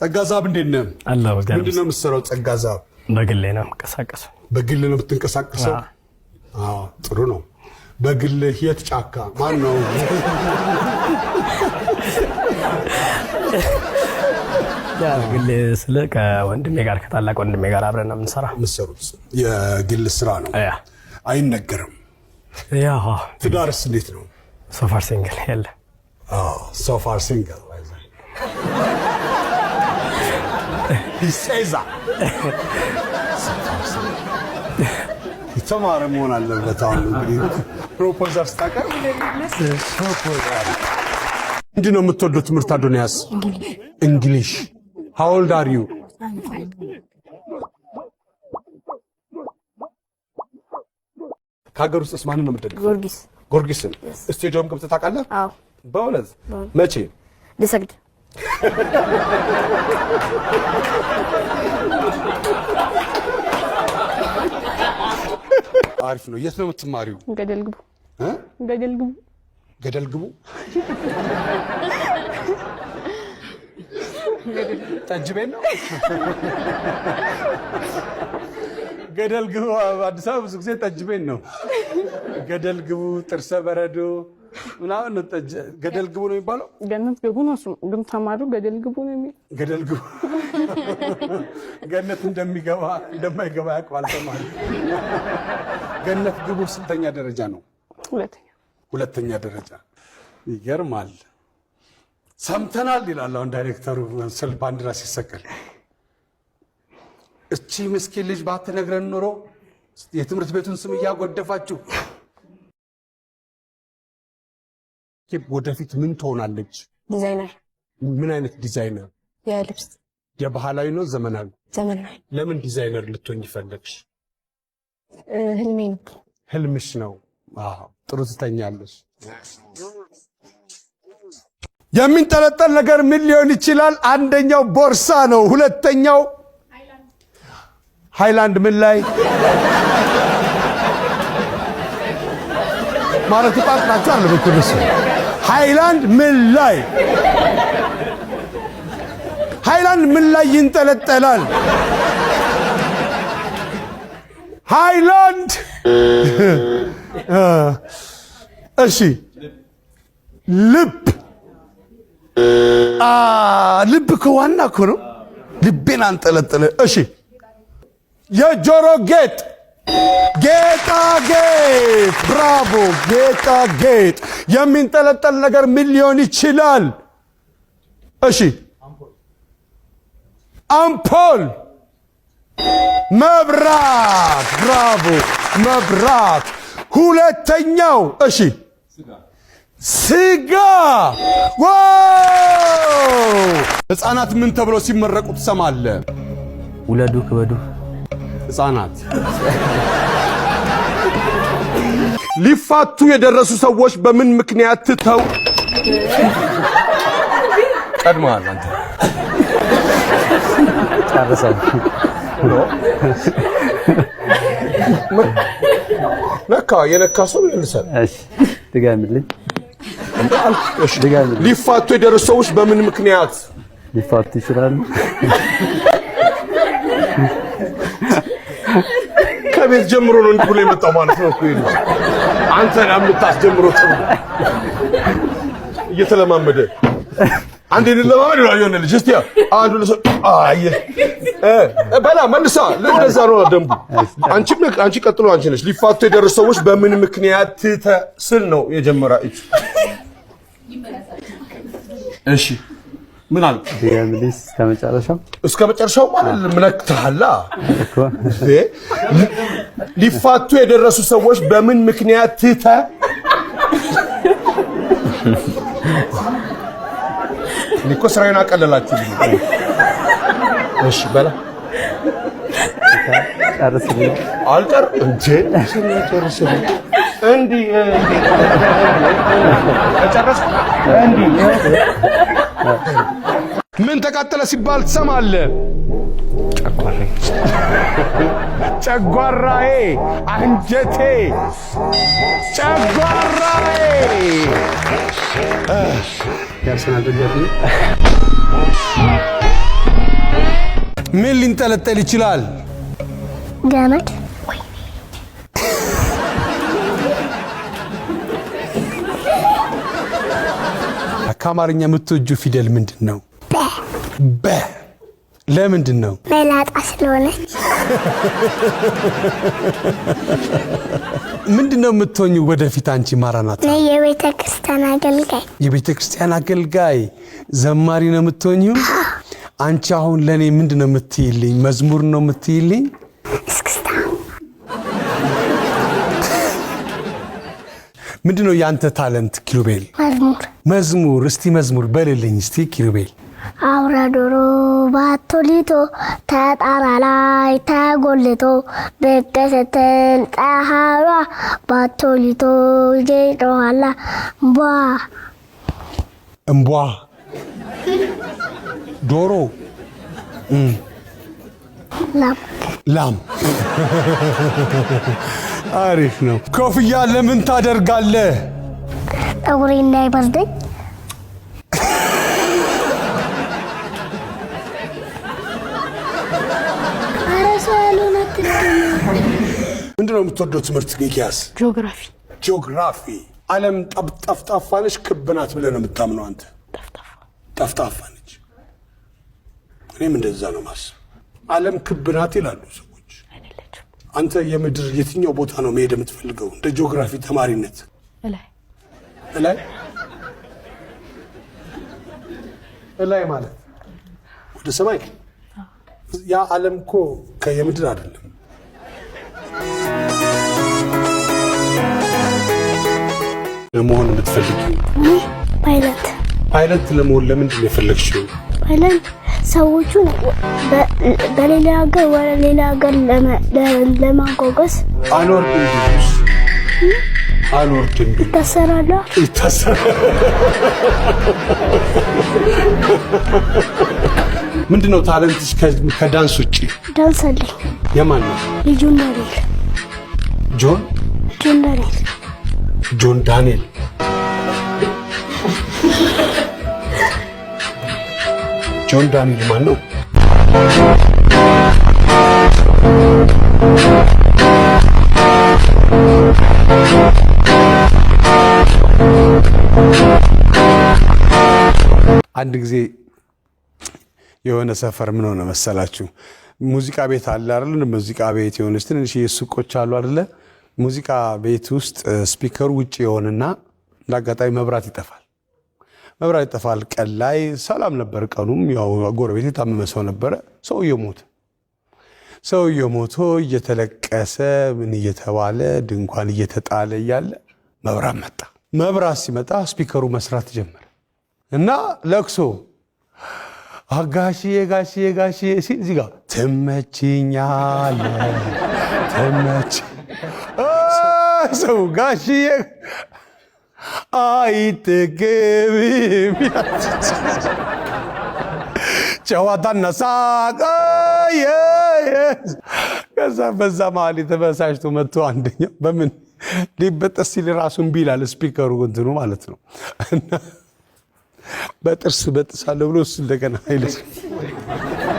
ጸጋ ዛብ እንዴት ነህ? ምንድን ነው የምትሰራው? ጸጋ ዛብ በግሌ ነው የምንቀሳቀሰው። በግል ነው የምትንቀሳቀሰው? ጥሩ ነው። በግል የት ጫካ? ማን ነው ግል ስል ከወንድሜ ጋር ከታላቅ ወንድሜ ጋር አብረን ነው የምንሰራ። የምትሰሩት የግል ስራ ነው፣ አይነገርም። ትዳርስ እንዴት ነው? ሶፋር ሲንግል የለ ሶፋር ሲንግል He's Caesar. የተማረ መሆን አለበት። አሁን እንግዲህ ፕሮፖዛል ስታቀርብ ምንድን ነው የምትወደው ትምህርት? አዶንያስ እንግሊሽ። ሃው ኦልድ አር ዩ? ከሀገር ውስጥስ ማንን ነው የምትደግፈው? ጊዮርጊስ። ጊዮርጊስን ስቴዲየም ገብተህ ታውቃለህ? በእውነት መቼ? ልሰግድ አሪፍ ነው። የት ነው የምትማሪው? ገደል ግቡ። ገደል ግቡ። ገደል ግቡ። ጠጅ ቤት ነው ገደል ግቡ። አዲስ አበባ ብዙ ጊዜ ጠጅ ቤት ነው ገደል ግቡ። ጥርሰ በረዶ ምናምን ጠጀ ገደል ግቡ ነው የሚባለው። ገነት ግቡ ነው እሱ፣ ግን ተማሪው ገደል ግቡ ነው የሚል ገደል ግቡ ገነት እንደሚገባ እንደማይገባ ያውቃል ተማሪ። ገነት ግቡ ስንተኛ ደረጃ ነው? ሁለተኛ ሁለተኛ ደረጃ። ይገርማል። ሰምተናል ይላል አሁን ዳይሬክተሩ ስል ባንዲራ ሲሰቀል እቺ ምስኪን ልጅ ባትነግረን ኖሮ የትምህርት ቤቱን ስም እያጎደፋችሁ ኬፕ ወደፊት ምን ትሆናለች? ዲዛይነር። ምን አይነት ዲዛይነር? የልብስ የባህላዊ ነው ዘመናዊ? ዘመናዊ። ለምን ዲዛይነር ልትሆን ፈለግሽ? ህልሜ ነው። ህልምሽ ነው። ጥሩ ትተኛለች። የሚንጠለጠል ነገር ምን ሊሆን ይችላል? አንደኛው ቦርሳ ነው። ሁለተኛው ሃይላንድ። ምን ላይ ማለት ጣጥናቸው አለ ሃይላንድ ምን ላይ ሃይላንድ ምን ላይ ይንጠለጠላል? ሃይላንድ እሺ፣ ልብ ልብ እኮ ዋና እኮ ነው። ልቤን አንጠለጠለ። እሺ፣ የጆሮ ጌጥ ጌጣጌጥ ብራቮ! ጌጣጌጥ የሚንጠለጠል ነገር ምን ሊሆን ይችላል? እሺ፣ አምፖል፣ መብራት። ብራቮ! መብራት። ሁለተኛው እሺ፣ ስጋ። ወ ህፃናት ምን ተብለው ሲመረቁ ትሰማለ ውለዱ፣ ክበዱ ህፃናት ሊፋቱ የደረሱ ሰዎች በምን ምክንያት ትተው ቀድመዋል? አንተ ጨርሰው ነካ የነካ ሰው ይልሰል። እሺ ሊፋቱ የደረሱ ሰዎች በምን ምክንያት ሊፋቱ ይችላሉ? ከቤት ጀምሮ ነው እንዲህ ብሎ የመጣው ማለት ነው። ይሄ አንተ የምታስጀምረው እየተለማመደ አንዴ እንለማመድ ነው። የሆነ ልጅ እስቲ አንዱ በላ መልሳ ለእንደዛ ነው ደንቡ። አንቺ ቀጥሎ አንቺ ነሽ። ሊፋቱ የደረሱ ሰዎች በምን ምክንያት ትተህ ስል ነው የጀመራ እሺ ምን አልኩ? እስከ መጨረሻው እስከ መጨረሻው ማለት ምነክታላ ሊፋቱ የደረሱ ሰዎች በምን ምክንያት ትተ እኮ ስራዬን አቀለላችሁ። እሺ በላ አልቀር እንዴ እንዲህ ምን ተቃጠለ ሲባል ትሰማለህ? ጨጓራዬ ጨጓራዬ፣ አንጀቴ፣ ጨጓራዬ ያርሰናል ደጋፊ ምን ሊንጠለጠል ይችላል? ገመድ ከአማርኛ የምትወጁ ፊደል ምንድን ነው? በ ለምንድን ነው? መላጣ ስለሆነች። ምንድን ነው የምትሆኙ ወደፊት አንቺ? ማራናት የቤተ ክርስቲያን አገልጋይ። የቤተ ክርስቲያን አገልጋይ ዘማሪ ነው የምትሆኙ? አንቺ አሁን ለእኔ ምንድን ነው የምትይልኝ? መዝሙር ነው የምትይልኝ? ምንድነው ነው የአንተ ታለንት ኪሩቤል? መዝሙር መዝሙር። እስቲ መዝሙር በልልኝ እስቲ ኪሩቤል። አውራ ዶሮ ባቶሊቶ ተጣራ ላይ ተጎልቶ በቀሰተን ጠሃሯ ባቶሊቶ ጌጠኋላ እምቧ እምቧ ዶሮ ላም ላም አሪፍ ነው። ኮፍያ ለምን ታደርጋለህ? ጠጉሬ እንዳይበርደኝ። ምንድን ነው የምትወደው ትምህርት ሚኪያስ? ጂኦግራፊ። ጂኦግራፊ። ዓለም ጠፍጣፋ ነች ክብ ናት ብለህ ነው የምታምነው አንተ? ጠፍጣፋ ነች። እኔም እንደዛ ነው ማስብ። ዓለም ክብ ናት ይላሉ አንተ የምድር የትኛው ቦታ ነው መሄድ የምትፈልገው? እንደ ጂኦግራፊ ተማሪነት እላይ እላይ እላይ ማለት ወደ ሰማይ። ያ ዓለም እኮ ከየምድር አይደለም። ለመሆን የምትፈልጊው ፓይለት ፓይለት ለመሆን ለምንድን ነው የፈለግሽው? ፓይለት ሰዎቹን በሌላ ሀገር ወደ ሌላ ሀገር ለማጓጓዝ አልወርድም ቢሉስ አልወርድም ቢሉ ይታሰራለሁ። ምንድን ነው ታለንትሽ ከዳንስ ውጭ? ዳንስ አለኝ። የማን ነው? የጆን ዳንኤል። ጆን ጆን ዳንኤል ጆን ዳንኤል ጆን ዳንኤል ማን ነው? አንድ ጊዜ የሆነ ሰፈር ምን ሆነ መሰላችሁ? ሙዚቃ ቤት አለ አይደል? ሙዚቃ ቤት የሆነች ትንሽ ሱቆች አሉ አይደለ? ሙዚቃ ቤት ውስጥ ስፒከሩ ውጭ የሆነና አጋጣሚ መብራት ይጠፋል። መብራት ይጠፋል። ቀን ላይ ሰላም ነበር። ቀኑም ያው ጎረቤት የታመመ ሰው ነበረ። ሰውየው ሞተ። ሰውየው ሞቶ እየተለቀሰ ምን እየተባለ ድንኳን እየተጣለ እያለ መብራት መጣ። መብራት ሲመጣ ስፒከሩ መስራት ጀመረ እና ለቅሶ አጋሽዬ ጋሽዬ ጋሽዬ ሲል እዚህ ጋ ትመችኛለ ትመች ሰው ጋሽዬ አይጥግብም ጨዋታና ሳቅ ከዛ በዛ መሀል የተበሳጭቶ መጥቶ አንደኛው በምን ሊበጠስ ሲል ራሱን ቢላል ስፒከሩ እንትኑ ማለት ነው። በጥርስ በጥሳለሁ ብሎ እሱ እንደገና